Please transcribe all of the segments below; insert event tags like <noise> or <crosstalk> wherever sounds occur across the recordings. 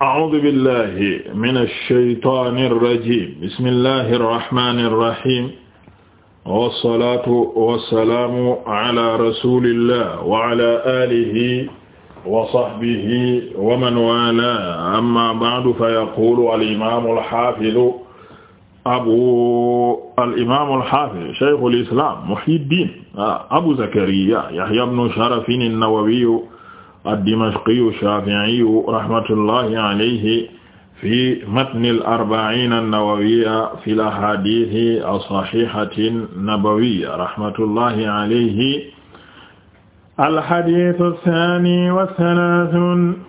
a'uudu billahi mina shaytaani rajiim bismillahi rahmaani rahiim wa salaatu wa salaamu ala rasuulillah wa ala aalihi wa sahbihi wa man waalaahu amma ba'du fa yaquulu al-imaamu al-haafidu abu al-imaamu al-haafidu shaykhul islaam muhyiddin abu zakariya yahyaa ibnu sharafin an-nawawi ad-Dimashqiyu ash-Shafi'iyu rahmatullahi alayhi fi matni al-arba'iin an-nawawiyya fi al-ahaadiith as-sahihati an-nabawiyya rahmatullahi alayhi al-hadiith ath-thaani wa ath-thalaathuun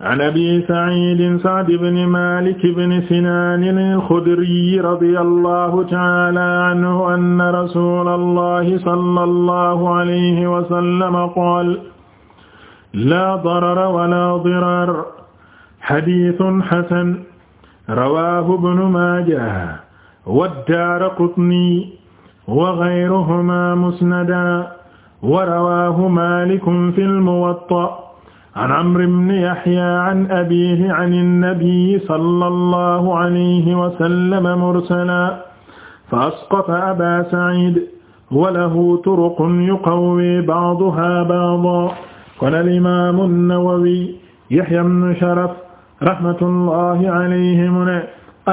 an abi sa'iid Sa'd ibn Maalik ibn Sinaan al-Khudri radiyallahu ta'aala anhu anna rasuulallahi sallallahu alayhi wa sallam qaala laa darara wala dirar xadiisun xasan rawaahu ibnu maaja waddaaraqutni wa gayruhumaa musnadan wa rawaahu maalikun fil muwatta an amri bni yahya an abiihi an annabiyyi sallallahu alayhi wa sallam mursalan fa asqata abaa saciid wa lahu turuqun yuqawwi ba'duhaa ba'dan kon al-imaam an-Nawawi Yahya ibn Sharaf rahmatullahi alayhi mu ne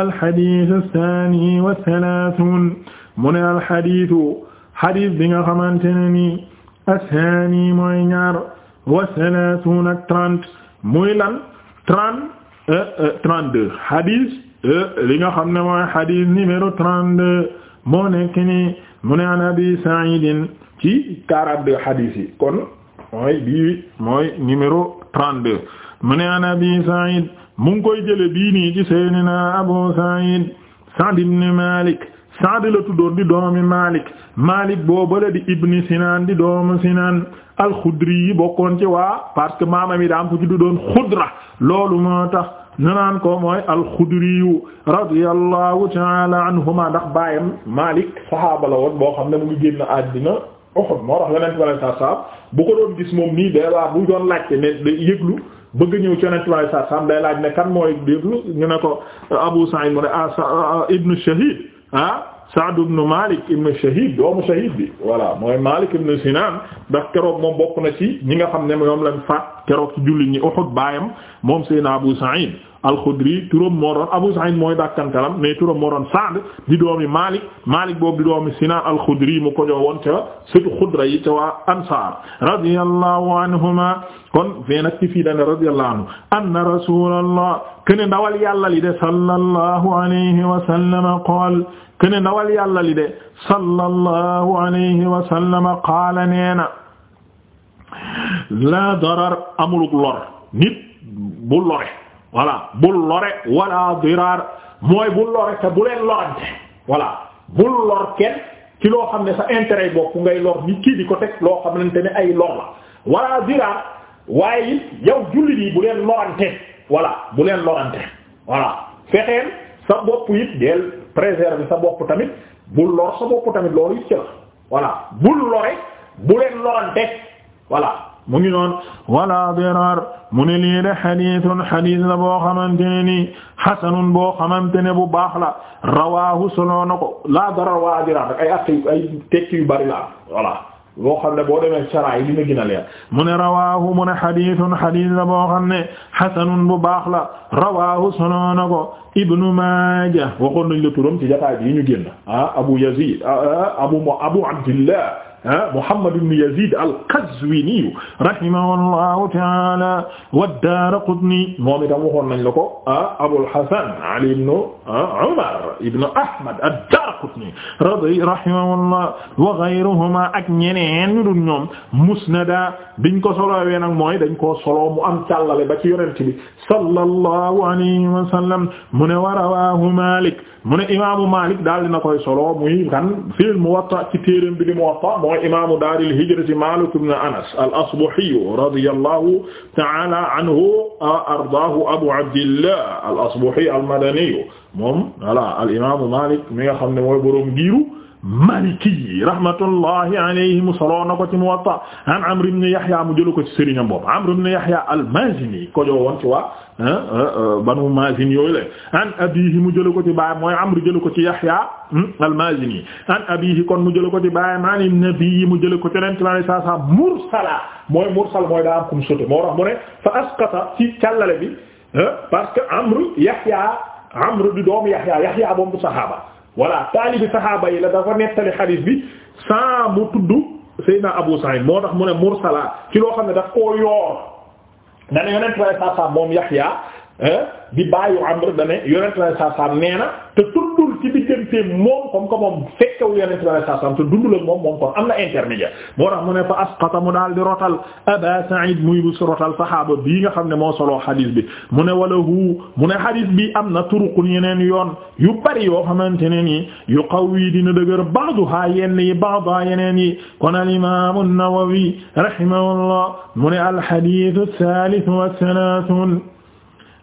al-hadiis as-saani wa salaasuun mu ne al-hadiisu hadiis bi nga xamante ne nii as-saani mooy ñaar wa salaasuun ak trente muy lan trente euh, euh, trente-deux hadiis euh, li nga xam ne mooy hadiis numéro trente-deux moo nekk nii mu ne an Abi Sa'iid ci quarante-deux hadiis yi kon mooy bi mooy numéro 32 mu ne an abi Sa'id koy jële bii nii ci na Abu Sa'id Sa'd ibn Malik Sa'd la tuddoon di doomi Malik Malik boobale di ibni Sinan di doomu Sinan al-Khudri yi bokkoon ci waa parce que maama mi daam ko juddu doon Khudra loolu moo tax ñu naan ko mooy al-Khudriyu radiyallahu ta'ala anhuma ndax baayam Malik saxaaba la woon boo xam ne mu ngi génn Uhud moo tax yonent bi sallallahu alayhi wasallam bu ko doon gis moom nii day waa bu doon laajte ne day yëglu bëgg ñëw ci yonent bi sallallahu day laaj ne kan mooy yëglu ñu ne ko Abu Sa'id mu ne ah ibnu Shahid ah Sa'd ibn Malik ibn Shahid doomu Shahid bi voilà keroog moom bokk na ci ñi nga xam ne moom lañ faat keroog ci jullit ñi Uhud baayam moom Seydina Abu Sa'id al-Khudri turam moo doon Abu Sa'id mooy dàkkantalam mais turam moo doon Sa'd di doomi Malik Malik boobu di doomi Sinan al-Khudri mu ko jox woon ca sëtu Xudra yi ca waa Ansaar radiyallahu anhuma kon fee nag ci fii dane anhu anna Rasulullah kene ndawal yàlla li de sallallahu alayhi wa sallam qaal kene ndawal yàlla li de sallallahu alayhi wa sallam qaala neena la darar amuluk lor nit bu lore voilà bu lore wala dirar mooy bu lore te bu leen lorante voilà bu lor kenn ci loo xam ne sa intérêt bopp ngay lor nit kii di ko teg loo xamante ne ay lor la wala dirar waaye it yow jullit yi bu leen lorante voilà bu leen lorante voilà fexeel sa bopp it deel préserver sa bopp tamit bul lor sa bopp tamit loolu it ci la voilà bul lore bu leen lorante voilà mu ngi noon wala dirar mu ne lii de xaditun xadis boo xamante ne nii boo xamante bu baax la rawaahu solo laa darar wala dirar ay att ay tekki yu bari la voilà loo xam ne boo demee saraa yi dina gën a leer mu ne rawaahu mu ne xadiisun xadiis la boo xam ne xasanun bu baax la rawaahu solo na ko ibnu maaja waxoon nañ la turam ci jataay bi ñu génn ah abu yazid ah, ah, abu abu abdillah ah, Muhammad ibn Yazid al-Qazwini rahimahullahu ta'ala wad-Daraqutni moom itam waxoon nañ la ko Abul Hasan Ali ibn Umar ibn Ahmad Daaraqutni radi rahimahullah wa ghayruhuma ak ñeneen ñu dul ñoom musnada biñ ko solowee nag mooy dañ koo solo mu am càllale ba ci yonent bi sallallahu alayhi wa sallam mu ne wa rawahu Malik mu ne imaamu Malik daal dina koy solo muy kan fil Muwatta ci téereem bi di Muwatta mooy imaamu daaril hijrati Malik ibn Anas al-Asbahi radiyallahu ta'ala anhu ardaahu Abu Abdillah al-Asbahi al-Madani moom voilà al imaamu Malik mi nga xam ne mooy boroom giiru Maliki rahmatullahi alayhi mu soloo ko ci Muwatta an Amr ibn Yahya mu jëlu ko ci sëriñam boobu Amr ibn Yahya al ko joo woon ci waa euh, banu Mazin yooyu an abihi mu jëlu ko ci baayam mooy Amr jëlu ko ci Yahya hmm, al-Mazini an abihi kon mu jëlu ko ci baayam an nabi mu jëlu ko ci Yonent bi sallallahu alayhi wa sallam mursala mooy mursal mooy daa am kum sote fa asqata ci càllale bi parce que Amr Yahya am Amr di doomu Yaxya Yaxya boobu saxaaba voilà taalibi saxaaba yi la dafa nettali xadiis bi sans mu tudd Seydina Abu Sa'id moo tax mu ne mursala ci loo xam ne daf koo yoor nga ne yonent bi sallallahu moom Yaxya di bàyyi Amr da ne yonent bi saa saa nee na te tuddul ci diggante moom comme que moom fekkewul yonent bi saa saa te dundul ak moom moom kon am na intermédiaire moo tax mu ne fa asqata mu daal di rotal Aba Sa'id muy bu si rotal saxaaba bii nga xam ne moo soloo xadiis bi mu ne wala hu mu ne xadiis bi am na turuqun yeneen yoon yu bari yoo xamante ne nii yu qawi dina dëgër ba'daha yenn yi ba'daha yeneen yi kon al imaam an-Nawawi rahimahullah mu al xadiis as-saalis wa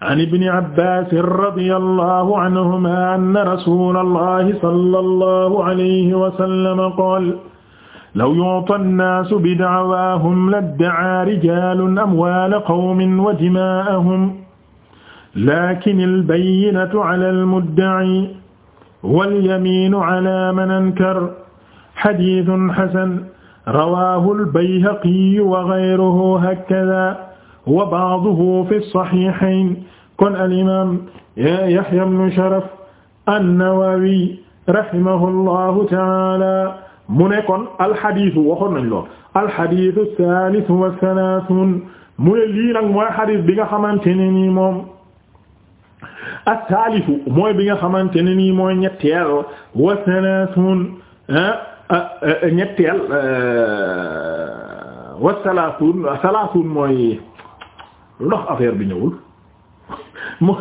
an ibni abbasin radi allahu anhuma anna rasula allahi sala allahu alayhi wasallama qaal law yuta annaasu bidaawaahum laddacaa rijalun amwaala qawmin wa dimaa'ahum lakin albayinatu ala almuddaci walyamiinu ala man ankar xadiisun xasan rawaahu albayhaqiyu wa gayruhu hakada wa ba'duhu fi sahihayn kon al-imam Yahya ibn Sharaf an-Nawawi rahimahullahu ta'ala mu ne kon alxadiisu waxoon nañ lool alxadiisu saalis wa salaasuun mu ne lii nag mooy xadiis bi nga xamante ne nii moom asaalisu mooy bi nga xamante ne nii mooy ñetteel wa salaasuun ah, ah, ah, ñetteel wa salaasuun salaasuun mooy lu tax affaire bi ñëwul mu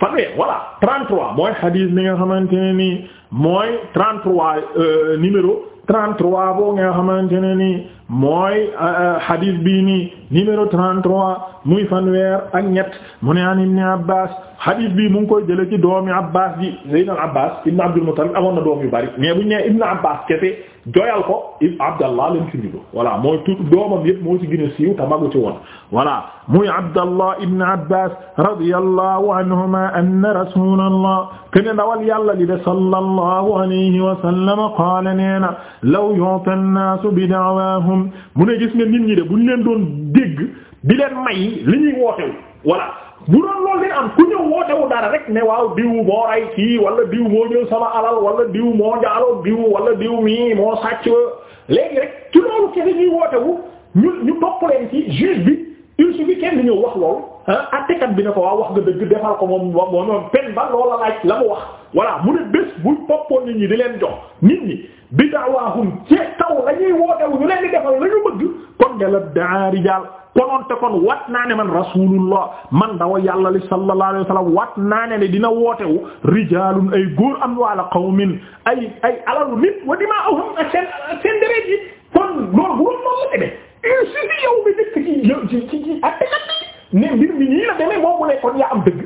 fanweer voilà 33 mooy xadiis bi nga xamante ne nii mooy 33 euh, numéro 33 boo nga xamante ne nii mooy euh, euh, hadith bii nii numéro 33 muy fanweer ak ñett mu ne an ibn Abbas hadith bii mu ngi koy jële ci doomi Abbas ji Seydina Abbas ibn Abdul Muttalib amoon na doom yu bari mais buñ nee ibn Abbas kese joyal ko ibn Abdallah lañ ci juddoo voilà mooy tout doomam yëpp moo ci gën a siiw te magu ci woon voilà muy Abdallah ibn Abbas radiyallahu anhuma anna rasulullah kene ndawal yàlla li de sallallahu alayhi wa sallam qaala nee na law yu'ta an-naasu bi da'waahum mu ne gis nga nit ñi de bu ñu leen doon dégg di leen may li ñuy wootewu voilà bu doon loolu leen am ku ñëw wootewu dara rek ne waaw diw moo rey kii wala diw moo jël sama alal wala diw moo njaaloo diw wala diw mii moo sàcc léegi rek ci loolu kese ñuy wootewu ñu ñu topp leen ci juge bi il suffit kenn ñëw wax loolu Ah attekat bi na ko waaw wax nga dëgg defal ko moom moom moom pen ba loola laaj la mu wax voilà mu ne bés bu toppoon nit ñi di leen jox nit ñi bi dawaahum ci kaw la wootewu ñu leen di defal la bëgg kon de la daari jaal konoon te kon wat naa ne man rasulullah man dawa yàlla li sallallahu wat naa ne ne dina wootewu rijalun ay góor am waala qawmin ay ay alalu nit wa dimaahum ak seen seen deret yi kon loolu bu doon noonu la demee si yow bi dëkk ci ci ci ci ne mbir mi nii la demee moom mu ne kon yaa am dëgg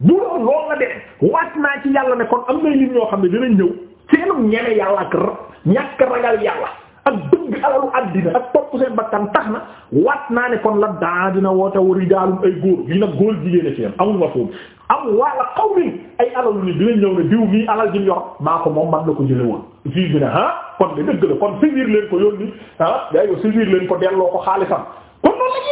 bu loolu loolu la demee waat naa ci yàlla ne kon am na lim xam ne dinañ ñëw seenum ñeme ak ñàkk ragal yàlla ak bëgg alalu àddina ak topp seen bakkan tax na waat naa ne kon la daa dina woote wu rijaalum ay góor lii nag góor jigéen a ci yam am walla qawmin ay alalu ni dinañ ñëw ne diw mii alal jim yor maa ko moom man woon juge bi ne ah kon de dëgg la kon leen ko yónni ah ko delloo ko xaalisam kon noonu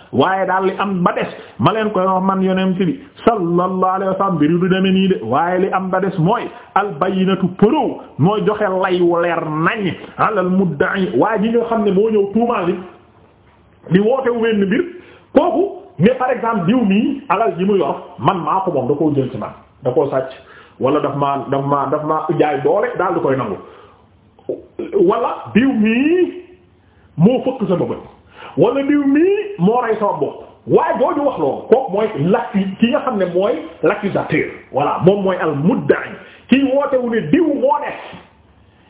waaye daal li am ba des ma leen koy man yonent bi sallallahu alayhi wa sallam du demee nii de waaye li am ba des mooy albayinatu përëw mooy joxe lay wu leer nañ alal mudda'i waaye ji nga xam ne moo ñëw tuumaal li di woote wenn mbir kooku ne par exemple diw mii alal ji mu yor man maa ko moom da koo jël ci man da koo sàcc wala daf maa daf maa daf maa jaay doole daal di koy nangu wala diw mii moo fëkk sama bët wala diw mii moo rey sama bopp waaye jooju wax loolu kooku mooy l'accu ki nga xam ne mooy l'accusateur voilà moom mooy al mudda'i kii wootewu ne diw moo def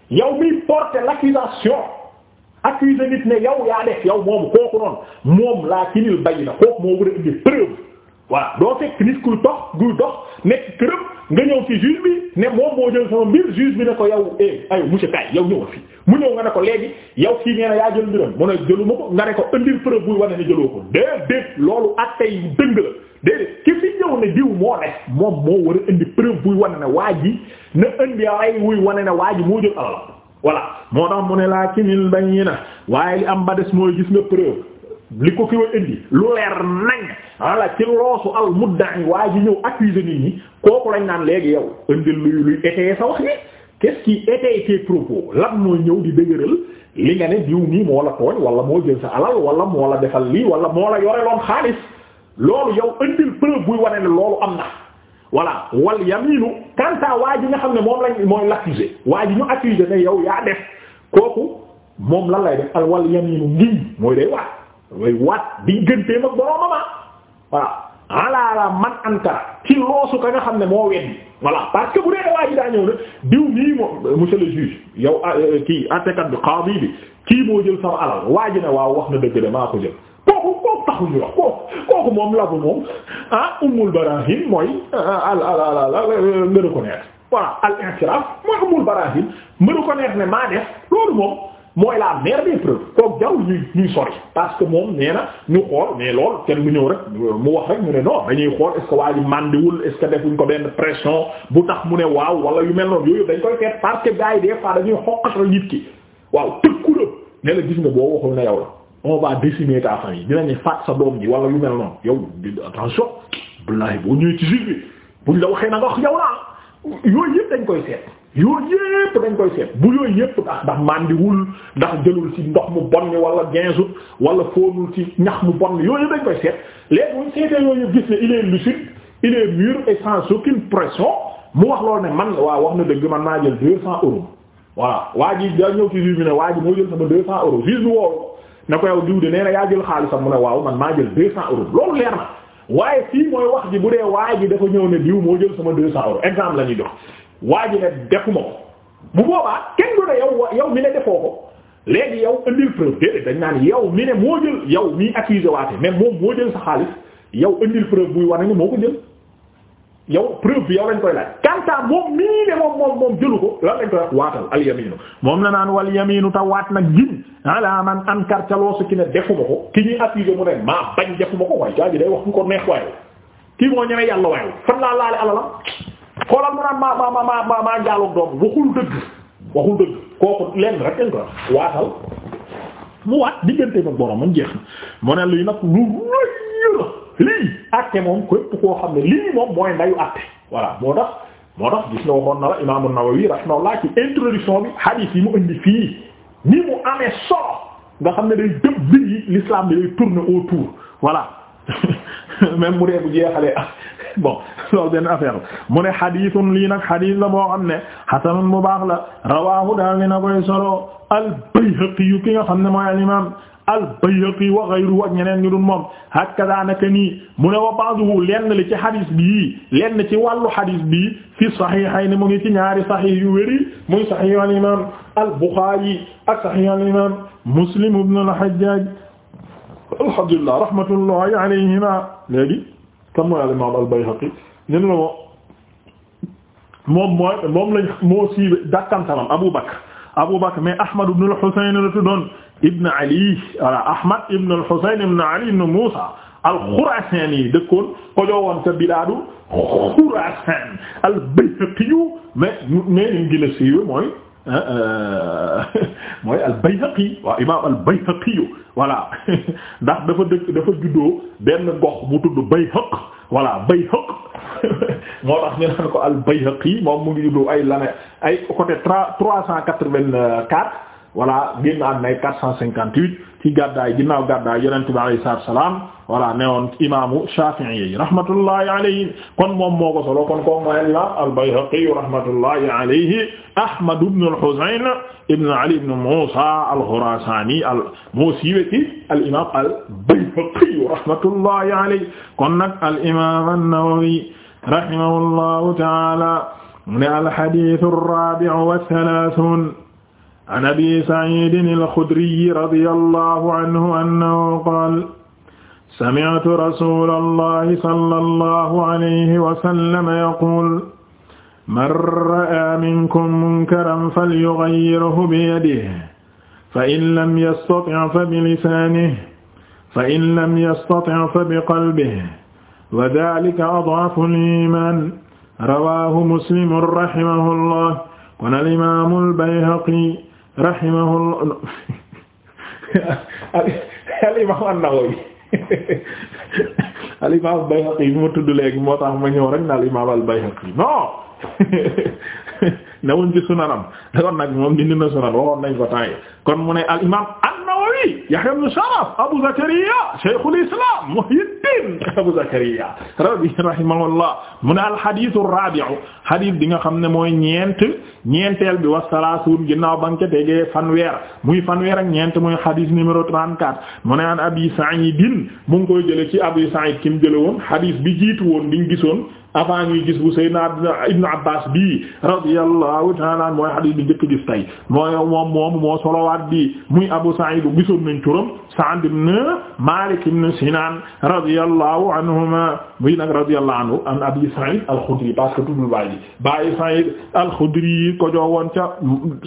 yow miy porter l'accusation accusé nit ne yow yaa def yow moomu kooku noonu moom laa kinil bay na kooku moo war a indi preuve voilà doo fekk nit kuy dox guy dox nekk nga ñëw fii juge bi ne moom moo jël sama mbir juge bi ne ko yow eh ay monsieur Kaye yow ñëwal fii mu ñëw nga ne ko léegi yow fii nee na yaa jël mbiram mu ne jëluma ko nga ne ko indil preuve buy wane ne jëloo ko déedéet loolu acte yi dëng la déedéet ki fi ñëw ne diw moo ne moom moo war a indi preuve buy wane ne waa ji na indi ay wuy wane ne waa ji moo jël alal voilà moo tax mu ne laa kinil bañ ñii na waaye li am ba des gis nga preuve li ko ki wa indi lu leer nañ ala ah ci loosu al mudda'i waa ji ñëw accuser nit ñi kooku lañ naan léegi yow indil luy luy étayer sa wax ni qu'est-ce qui propos lan mooy ñëw di dëgëral li nga ne diw nii moo la tooñ wala moo jël sa alal wala moo la defal lii wala moo la yoreloon xaalis loolu yow indil preuve buy wane ne loolu am na voilà wal yaminu kanta waa ji nga xam ne moom lañ mooy l'accuser waa ji ñu accuser ne yow yaa def kooku moom lan lay def al wal yaminu way waat digganteem ak boroomam waaw ah. alaala man ankara ci loosu ka nga xam ne moo weddi voilà parce que bu dee waa ji daa ñëw ne diw mii moom monsieur le juge yow ah, euh, kii attekat bi qaadi bi kii moo jël sama alal waa ji waaw wax na dëgg de maa ko jël kooku kooku taxul ñu kooku kooku moom labu moom ah ummul barahin mooy ah, al al al al nga reconnaître voilà al intiraf mooy ummul barahin nga reconnaître ne maa def loolu moom mooy la mère des preuves kooku jarul ñuy ñuy sori parce que moom nee na ñu xool mais lool kenn du ñëw rek mu wax rek mu ne non dañuy xool est que waa màndiwul est ce que defuñ ko benn pression bu tax mu ne waaw wala yu mel noonu yooyu dañ koy seet parce que gars yi des fois dañuy xoqatal nit ki waaw tëkku la gis nga boo waxul na yow la on va décimer ta famille dinañu faat sa doom ji wala yu mel noonu yow attention billahi boo ñëwee ci juge bi buñ la waxee na nga wax yow yooyu yëpp dañ koy seet yooyu yëpp dañ koy seet bu yooyu yëpp ndax ndax màndiwul ndax jëlul ci ndox mu bon mi wala ginzut wala foonul ci ñax mu bon mi yooyu yëpp dañ koy seet léegi buñ seetee yooyu gis ne il est lucide il est mûr et sans aucune pression mu wax loolu ne man waa wax na dëgg man maa jël deux cents euros voilà waa ji da ñëw ci juge ne waa ji moo jël sama deux cents euros juge bi woowu na ko yow diw de nee yaa jël xaalisam mu ne waaw man maa jël deux cents euros loolu leer waaye fii mooy wax ji bu dee waa ji dafa ñëw ne diw moo jël sama deux cent euros exemple la ñuy jox waa ji ne defuma ko bu boobaa kenn du ne yow yow mi ne defoo ko léegi yow indil preuve déedéet dañ naan yow mi ne moo jël yow miy accusé waate mais moom moo jël sa xaalis yow indil preuve buy wane ni moo ko jël yow preuve bi yow lañ koy laaj kanta moom mii ne moom moom moom jëlu ko lan lañ koy wax waatal al yaminu moom la naan wal yaminu ta waat nag gin ala man ankar ca loosu ki ne defuma ko ki ñuy accusé mu ne maa bañ defuma ko waaye ji day wax ñu ko neex waaye kii moo ñemee yàlla waaye fan laa laale alalam xoolal mu naan maa maa maa maa maa njaaloog doom waxul dëgg waxul dëgg kooku lenn rek lañ koy wax waatal mu waat diggante ba borom man jeex na mu ne lii nag lu rëy la lii àtte moom képp koo xam ne lii moom mooy ndayu àtte voilà moo tax moo tax gis nga waxoon na la imaamu Nawawi rahimahullah ci introduction bi hadith yi mu indi fii ni mu amee solo nga xam ne day dëb bir yi l'islam bi day tourner autour voilà <laughs> même mu dee bu jeexalee <laughs> bon loolu benn affaire mu ne xadiisun lii nag xadiis la boo xam ne xasanun bu baax la rawaahu daal dina koy solo al-Bayhaqi yu ki nga xam ne mooy al-imaam al-Bayhaqi wa ghayruhu ak ñeneen ñu dul moom hakaza naka nii mu ne wa ba'duhu lenn li ci xadis bii lenn ci wàllu xadis bii fi saxiixayni mu ngi ci ñaari saxiix yu wéri muy saxiix al-imaam al-Buxaari ak saxiix al-imaam Muslim ibn al-Hajjaj alhamdulillah rahmatullahi alayhima léegi kan mooy al-imaam al-Bayhaqi ñun la moo moom mooy moom lañ moo siiwe dàkkantalam Abu Bakr Abu Bakr mais Ahmad ibn al-Husayn la tuddoon ibn Ali wala Ahmad ibn al-Husayn ibn Ali ibn Musa al-Khurasani dëkkoon ko joowoon ca bilaadu al-Bayhaqi mais mais ñu mooy Euh, euh, <laughs> mooy al-Bayhaqi waaw imaam al-Bayhaqi voilà <laughs> ndax dafa dëkk dafa juddoo benn gox mu tudd Bayhaq voilà Bayhaq <laughs> moo tax ñu naan ko al-Bayhaqi moom mu ngi juddoo ay lane ay côté trois trois cent quatre-vingt-quatre voilà génn am nay quatre cent cinquante-huit ci gàddaay ginnaaw gàddaay yonent bi alayhi salaatu salaam voilà ne woon imaamu Shaafi'i rahmatullahi alayhi kon moom moo ko solo kon ko mooy la al-Bayhaqi rahmatullahi alayhi Ahmad ibn al-Husayn ibn Ali ibn Musa al-Khurasani moo siiwe ci al-imaam al-Bayhaqi rahmatullahi alayhi kon nag al-imaam an-Nawawi rahimahullahu ta'ala ne al-hadith ar-rabi' wa thalathun an abi saciidin alxudriyi radi allahu anhu annahu qaal sami'tu rasula allahi sala allahu alayhi wasallama yaquul man ra'aa minkum munkaran falyughayyirhu biyadihi fa in lam yastati' fabilisaanihi fa in lam yastati' fabiqalbihi wa dhaalika ad'afu al-iimaan rawaahu muslimun rahimahu llah kon al-imaamul bayhaqi rahimahullah al imam an-Nawawi al imam al-Bayhaqi bi ma tudd léegi moo tax ma ñëw rek na al imam al-Bayhaqi non <laughs> newuñ ci sunanam da nag moom dindi na sunan waxoon nañ ko temps kon mu ne al imam an-Nawawi Yahya ibn Sharaf Abu Zakariya Shaykhul Islam Muhyiddin Abu Zakariya rabi rahimahullah mu ne al-hadith ar-rabi'u hadith bi nga xam ne mooy ñeent ñeenteel bi wa salaasuun ginnaaw ba nga tegee fanweer muy fanweer ak ñeent muy hadith numéro 34 mu ne an Abi Sa'id mu ngi koy jële ci Abi Sa'id ki mu jële woon hadith bi jiitu woon bi ñu gisoon avant ñuy gis bu Seydina Ibnu Abbaas bi radiyallahu ta'ala mooy hadith bi njëkk gis tey mooy moom moo gisoon nañ turam Sa'd ibn Malik ibn Sinan radiyallahu anhuma bi nag radiyallahu anhu an Abi Sa'id al-Khudri parce que tuddul bàyyi bàyyi Sa'id al-Khudri yi ko joowoon ca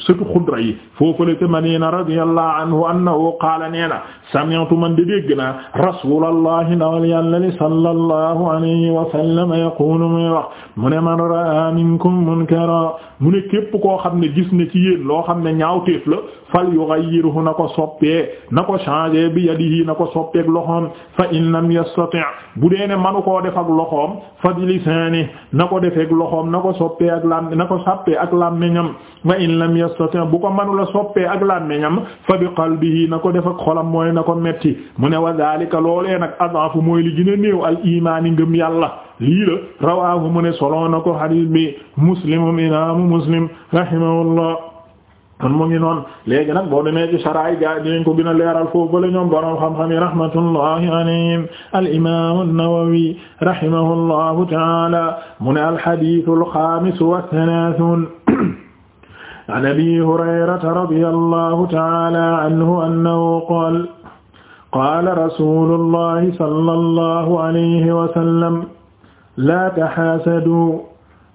sëtu Khudra yi foofale ca Madina radiyallahu anhu annahu qaala nee na sami'tu man di dégg naa rasulallahi ndawal yàlla li sallallahu alayhi wa sallam yaqulu muy wax mu ne man ra'a minkum munkara mu ne képp koo xam ne gis ne ci yéen loo xam ne ñaawteef la fal yughayyiruhu na ko soppee na ko changer bi yadihi na ko soppeek loxoom fa in lam yastati' bu dee ne manu koo def ak loxoom fa bi lisaani na ko defeek loxoom na ko soppee ak lam na ko sàppee ak làmmiñam fa in lam yastati' bu ko manula soppee ak làmmiñam fa bi qalbihi na ko def ak xolam mooy na ko metti mu ne wa dhalika loolee nag adhafu mooy li gën a néew al imaani ngëm yàlla lii la rawaahu mu ne solo na ko hadith bi muslimum imaamu muslim rahimahullah kon mu ngi noonu léegi nag boo demee ci saraay ga dinañ ko gën a leeral foofu la ñoom borom xam-xam yi rahmatullahi alayhim al imam an-Nawawi rahimahullahu ta'ala mu ne al-hadith al-khamis wa thalathun an abi hurayrata radiyallahu ta'ala anhu annahu qala qala rasulullahi sallallahu alayhi wa sallam laa taxaasadu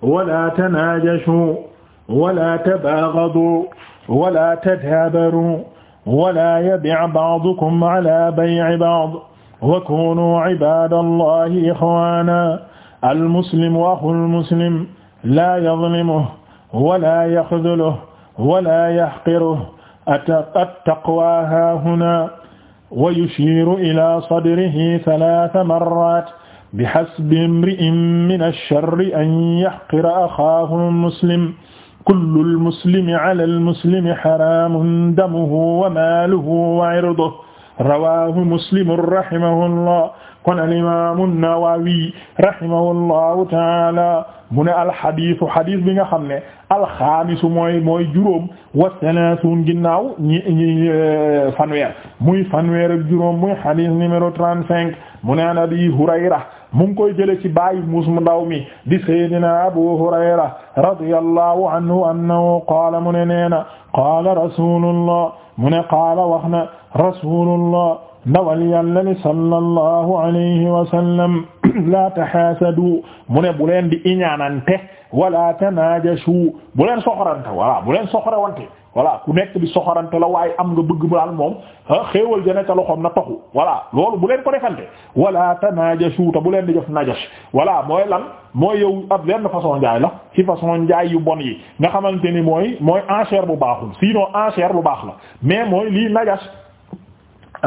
wala tanaajashu wala tabaagadu wala tadaabaru wala yabi'a ba'dukum ala bay'i ba'd wa kuunu cibaadallahi ixwaana almuslimu axul muslim laa yazlimuhu wala yaxzuluhu wala yaxqiruhu attaqwaa haahunaa wa yushiiru ilaa sadrihi salaasa marraat bihasbi imri'in min ash-sharri an yahqira axaahu muslim kullul muslimi alal muslimi xaraamun damuhu wa maaluhu wa irduhu rawaahu muslim rahimahullah kon al-imaamu nawawi rahimahullahu taala mu ne alxadiisu xadiis bi nga xam ne alxaamisu mooy mooy juróom wa salaasuun ginnaaw ñi ñi fanweer muy fanweer ak juróom muy xadiis numéro trente-cinq mu ne an Abi Hurayra mu ngi koy jële ci baayu muus mu ndaw mi di sayyidina Abu Hurayra radiyallahu anhu annahu qaala mu ne nee na qaala rasulullah mu ne qaala wax na rasulullah ndawal yàlla ni sallallahu alayhi wa sallam <clears throat> la tahaasadu mu ne bu leen di iñaanante wala tanaajashu bu leen soxorante wala bu leen soxorante voilà ku nekk di soxorante la waaye am nga bëgg daal moom ah xéewal jëne ca loxoom na toxu voilà loolu bu leen ko defante wala te naajasuu te bu leen di def najas voilà mooy lan mooy yow ab benn façon njaay la ci façon njaay yu bon yi nga xamante ni mooy mooy enchère bu baaxul sinon enchère bu baax la mais mooy lii najas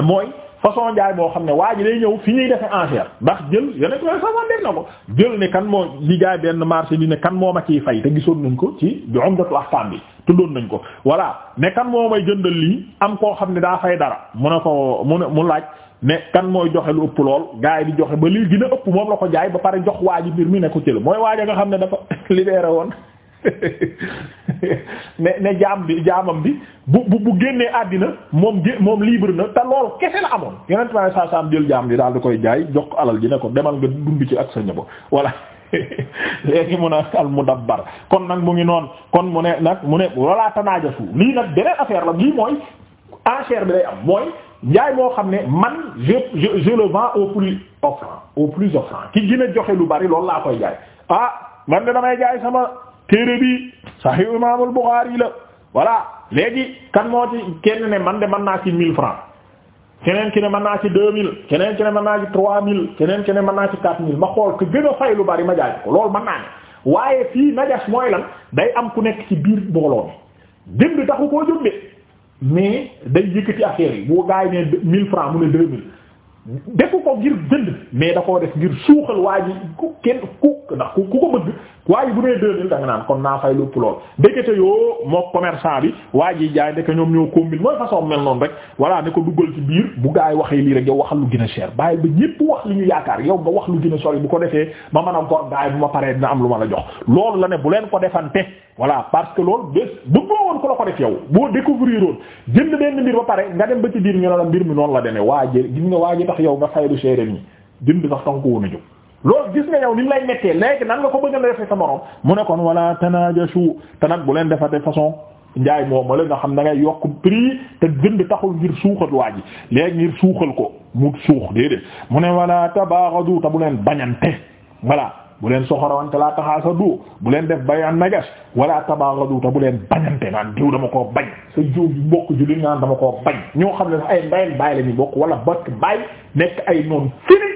mooy façon njaay boo xam ne waa ji day ñëw fi ñuy defe enchère ndax jël yeneen ko saman def na ko jël ne kan moo li jaay benn marché bi ne kan moo a ciy fay te gisoon nañ ko ci Umdatul Ahkam bi tuddoon nañ ko voilà ne kan moo ay jëndal lii am koo xam ne daa fay dara mu ne ko mu ne mu laaj ne kan mooy joxe lu ëpp lool gars yi di joxe ba lii gën a ëpp moom la ko jaay ba pare jox waa ji mbir mi ne ko ci la mooy waaja nga xam ne dafa <laughs> libéré woon ne ne jaam bi jaamam bi bu bu bu génnee àddina moom gé moom libre na te lool kese la amoon yeneen ma saa saam jël jaam bi daal di koy jaay jox ko alal ji ne ko demal nga dund ci ak sa ñëbo voilà <laughs> léegi mun a al mudabbar kon nag mu ngi noonu kon mu ne nag mu ne walla tanaajasu lii nag beneen affaire la lii mooy enchère bi day am mooy njaay moo xam ne man je je je le vends au plus offrant au plus offrant ki gën joxe lu bari loolu laa koy jaay ah, téere bi Sahih Imaamul Bukhari la voilà léegi kan moo ci kenn ne man de man naa ci mille francs keneen ki ne mën naa ci deux mille keneen ki ne mën naa ci trois mille keneen ki mën naa ci quatre ma xool ku gën a fay lu bari ma jaay ko loolu mën naa ne waaye fii najas mooy lan day am ku nekk ci biir mbooloo mi jënd taxu koo jëndee mais day yëkkati affaire yi bu gaay ne mille francs mu ne deux mille defu ko ngir jënd mais da koo def ngir suuxal waa ji ku kenn ku ndax ku ko bëgg waa ji bu nee deux mille da nga naan kon naa fay lépp lool ndekete yoo moo commerçant bi waa ji jaay ndeke ñoom ñoo combine mel noonu rek voilà ne ko duggal biir bu yow a cher bàyyi ba ñépp wax li ñu yaakaar yow nga wax lu gën a sori bu ko defee ma mën a gor gaa bu ma paree dina am lu ma la jox loolu la ne bu leen ko defante voilà parce que loolu bés bëggoo woon la ko def yow boo découvrir woon jënd benn mbir ba pare nga dem ba biir ñu ne la mbir mi noonu la demee waa ji sax yow nga faylu seere nii jënd sax tax ko woon a jóg loolu gis nga yow ni lay mettee léegi nan nga ko bëgg a defee sa morom mu ne kon wala tanajashu te nag bu leen defate façon njaay moom ma la nga xam da ngay yokk prix te jënd taxul ngir suuxal waa ji léegi ngir suuxal ko mu suux déedéet mu ne wala tabaghadu te bu leen bañante voilà bu leen soxorawante laa taxaasa du bu leen def bayan nagas wala tabaghadu ta bu leen bañante naan diw dama koo bañ sa jiw bi bokk julli naan dama koo bañ ñoo xam ne ay mbayen bàyyi la ñu bokk wala bakk bàyyi nekk ay noon fini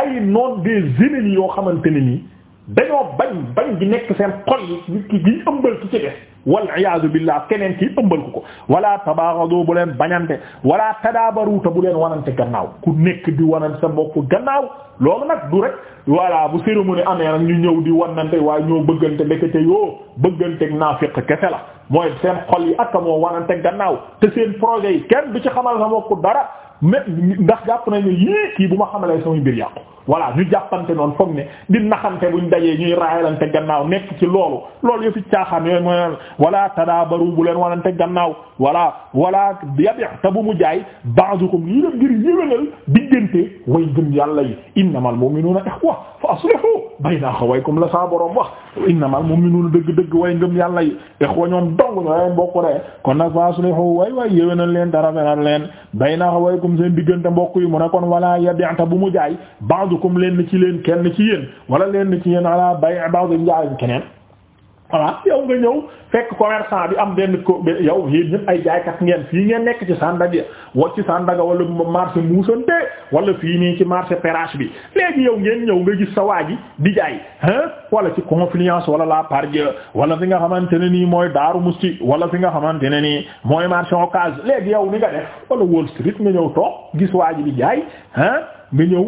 ay noon des ennemis yoo xamante ne nii dañoo bañ bañ di nekk seen xol yi nit ki di ëmbal ki ci des wal iyaadu billah keneen ki ëmbal ku ko wala tabaghadu bu leen bañante walaa tadaabaru te bu leen wanante gannaaw ku nekk di wanante sa mbokk gannaaw loolu nag du rek voilà bu cérémonie amee nag ñu ñëw di wanante waaye ñoo bëggante ndekete yoo bëgganteeg naafiq kese la mooy seen xol yi ak moo wanante gannaaw te seen projet yi kenn du ci xamal sa mbokk dara ndax jàpp nañ ne yii kii bu ma xamalee samay mbir yàqu voilà ñu jàppante noonu foog ne di naxante buñ dajee ñuy raayalante gannaaw nekk ci loolu loolu yëfi caaxaan yooyu mooy wala tadaabaru bu leen wanante gannaaw wala wala yabi te bu mu jaay ba'dukum lii def ngir yëwénal diggante way gëm yàlla yi innamal mu'minuna ikhwa fa aslihu bayna comme la saa borom wax innamal mu'minuuna dëgg-dëgg way ngëm yàlla yi ixwa ñoom dong na leen bokk de kon nag faslihu way way yéwénal leen dara feral leen bayna xawaykum seen diggante mbokk yi mu ne kon wala yabi'ta bu mu jaay ba'dukum leen ci leen kenn ci yéen wala leen ci yéen ala bay' ba'd jaay keneen voilà yow nga ñëw fekk commercant bi am benn ko yow yéen ñëpp ay jaaykat ngeen fii ngeen nekk ci Sandaga wa ci Sandaga wala marché muusante wala fii nii ci marché Perrache bi léegi yow ngeen ñëw nga gis sa waa ji di jaay hein wala ci Confluence wala La Pardieu wala fi nga xamante ne nii mooy Daaru Musti wala fi nga xamante ne nii mooy marché Ocass léegi yow ni nga def wala Wall Street nga ñëw toog gis waa ji di jaay hein nga ñëw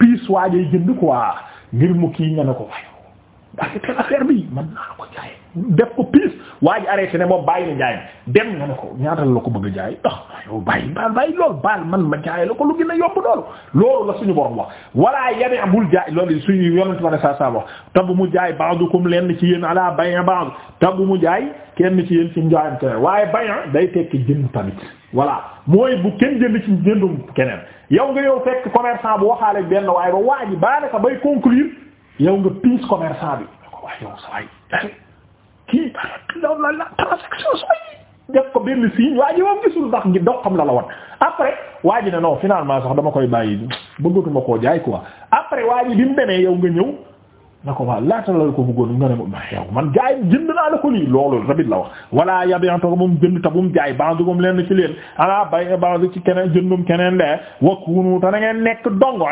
piis waajee jënd quoi ngir mu kii nga ne ko affaire affaire bi man naa ko jaay def ko piis waa ji arrêté ne moom bàyyi na jaay dem nga ne ko ñaatal la ko bëgg a jaay ah yow bàyyi baal man ma jaay la ko lu gën a yomb loolu loolu la suñu borom wax wala yame bul jaay loolu suñu yonent ma ne saa saa wax te bu mu jaay ba'dukum lenn ci yéen ala bay'a ba'd te bu mu jaay kenn ci yéen ci njaayam keneen waaye bay'a day tekki jënd tamit voilà moo bu kenn jënd ci jëndum keneen yow nga yow fekk commerçant bu waxaale benn waaye ba waa ji baale ka bay conclure yow nga piis commerçant bi nga ko wax yow saway kii loolu la la transaction sooy def ko benn signe waa ji moom gisul ndax ngi dox xam la la wan après waa ji ne non finalement sax dama koy bàyyi bëggatuma koo jaay ko après waa ji bi mu demee yow nga ñëw na ko waa laata la ko bëggoon nga ne ma yow man jaay jënd naa la ko lii loolu rabit la wax walla yabiyanto moom jënd ta bumu jaay bandu moom leen ci leen ala bay bandu ci keneen jëndum keneen de wakkunu te na ngeen nekk dongo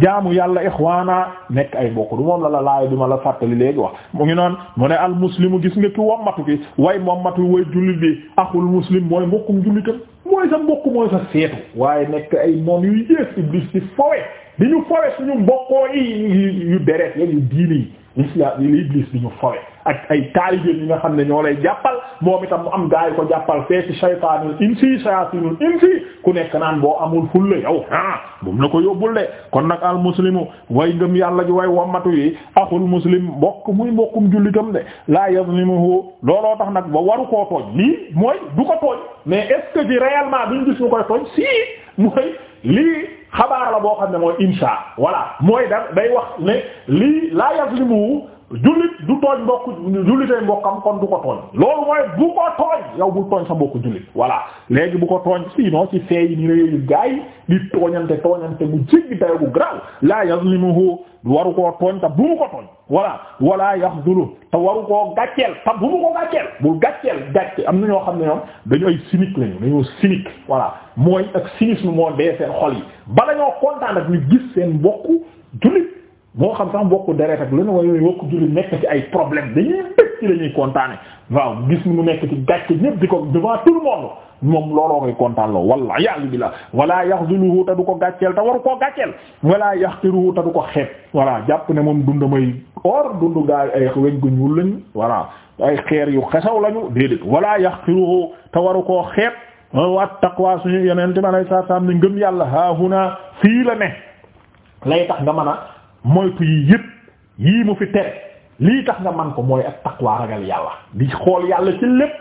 jaamu yàlla ixwana nekk ay mbokk du moom la la laay bi ma la fàttali léegi wax mu ngi noon mu ne al muslimu gis nga ki wommatu ki way mommatu way jullit bi axul muslim mooy mbokkum jullitam mooy sa mbokk mooy sa seetu waaye nekk ay moom yu yées iblis ci fowe di ñu fowe suñu mbokkoo yi yu deret yag yu diine yi iblis di ñu fowe ak ay taalibeen yi nga xam ne ñoo lay jàppal moom itam mu am gaa yi ko jàppal feeti shaytaanul insi shayaatinul insi ku nekk naan boo amul fulla yow ah bu mu ko yóbbul de kon nag al muslimu way ngëm yàlla ji way wammatu yi axul muslim mbokk muy mbokkum jullitam de laa yazlimuhu looloo tax nag ba waru koo tooñ lii mais est-ce que ci réellement duñ gis ñu koy tooñ si mooy lii xabaar la boo xam ne mooy insha wala mooy da day wax ne lii laa yazlimu jullit du tooñ mbokk jullitay mbokkam kon du ko tooñ loolu mooy bu ko tooñ yow bul tooñ sa mbokk jullit voilà léegi bu ko tooñ sinon ci feeyi ni réeyu gaay di tooñante tooñante bu jéggi dayo bu graw laa yazlimuhu waru koo tooñ te bu mu ko tooñ voilà wala yaxdulu te waru koo gàcceel te bu mu ko gàcceel bul gàcceel gàcce am na ñoo xam ne ñoom dañu ay cynique lañu dañoo cynique voilà mooy ak cynisme moo dee seen xol yi ba ñoo kontaan ak ñu gis seen mbokk moo xam sax bokku deret ak lu ne wala bokku jullit nekk ci ay problème dañuy dëkk ci la ñuy kontaane waaw gis mu nekk ci gàcce ñëpp di ko devant tout le monde moom looloo koy kontaan loo walla yàlla bi la wala yaxzuluhu ta du ko gàcceel te waru koo gàcceel wala yaxqiruhu ta du ko xeeb voilà jàpp ne moom dund may or dund gaa ay weñ gu ñuul ay xeer yu xesaw lañu déedéet wala yaxqiruhu te waru koo xeeb wat taqwa suñu yeneen ti ma lay saa saam ni ngëm yàlla haahuna fii la ne lay tax nga mën moytu yi yëpp yii mu fi tere lii tax nga man ko mooy ak taqwa ragal yàlla di xool yàlla ci lépp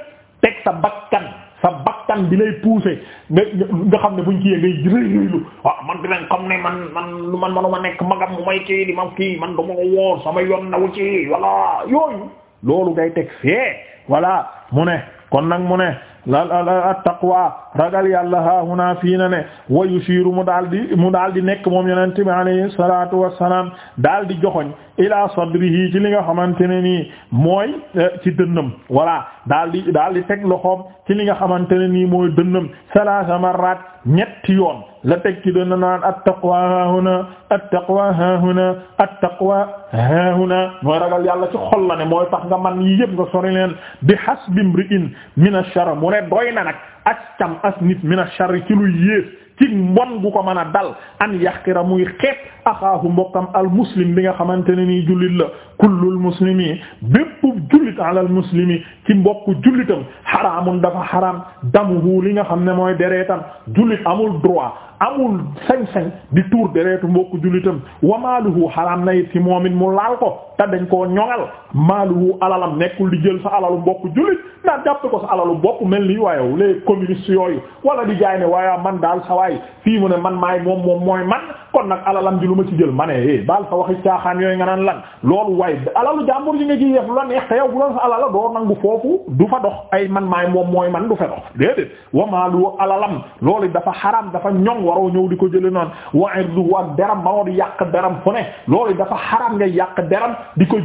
teg sa bakkan sa bakkan bi lay pousser nga nga xam ne buñ ci yee ngay rëy-rëylu waaw ah man dinañ xam ne man man man manuma nekk magam mu may kii di ma kii man dama ko wóor sama yoon nawu ci voilà yooyu loolu ngay teg fee voilà mu ne kon nag mu ne at-taqwa ragal yàlla haahuna fii na ne wa yushiru mu daal di mu daal di nekk moom yonente bi alayhi salatu wassalam daal di joxoñ ila sadrihi ci li nga xamante ne nii mooy eh, ci dënnam voilà daal di daal di teg loxoom ci li nga xamante ne nii mooy dënnam salaasa marrat ñetti yoon la teg ci dënn naan at-taqwa haahuna at-taqwa mooy ragal yàlla ci xol la ne mooy tax nga man yi yëpp nga sori leen bi hasbi imri'in min ash-sharr mu doy na nag as nit min ash-sharr ci lu ci mbon gu ko man a dal an yaxtira muy xeet axaahu mbokkam al muslim bi nga xamante ne nii jullit la kullul muslimi bépp jullit alal muslimi ci mbokku jullitam xaraamun dafa xaraam damuhu li nga xam ne mooy deretam jullit amul droit amul sañ-sañ di tuur dereetu mbokku jullitam wa maaluhu xaraam na it ci moom it mu laal ko te dañ koo ñoŋal maaluhu alalam nekkul di jël sa alalu mbokku jullit ndax jàpp ko sa alalu mbokku mel ni waaye les communistes yooyu wala waay fii mu ne man maay moom moom mooy man kon nag alalam ji lu ma ci jël ma ne eh baal sa waxi caaxaan yooyu nga naan lan loolu waay alalu jàmbur ji la neex te yow bu doon sa alala doo nangu foofu du fa dox ay man maay moom mooy man du fa dox déedéet wamaalu alalam loolu dafa xaram di ko jële noonu wa irduhu ak deram manoo di yàq deram fu ne loolu dafa xaram nga yàq deram di ko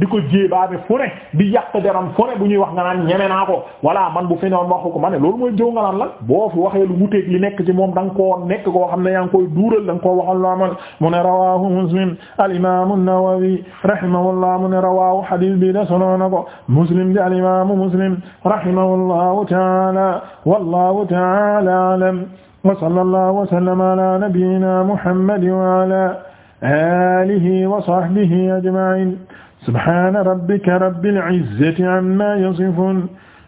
di ko jéebaane fu ne di yàq deram fu ne bu ñuy wax nga naan ñeme naa ko voilà man bu fi noon waxu ma ne loolu mooy jëw nga naan lan boo fi waxee lu wuteek li nekk ci moom moom da nga koo nekk koo xam ne yaa ngi koy duural da nga koo waxal loo amal mu ne rawahu muslim al imam an-Nawawi rahimahullah mu ne rawahu hadith bi da solo na ko muslim di al imam muslim rahimahullahu ta'ala wallahu ta'ala a'lam wa sallallahu wa sallama ala nabiyyina muhammad wa ala alihi wa sahbihi ajma'in subhana rabbika rabbil izzati amma yasifun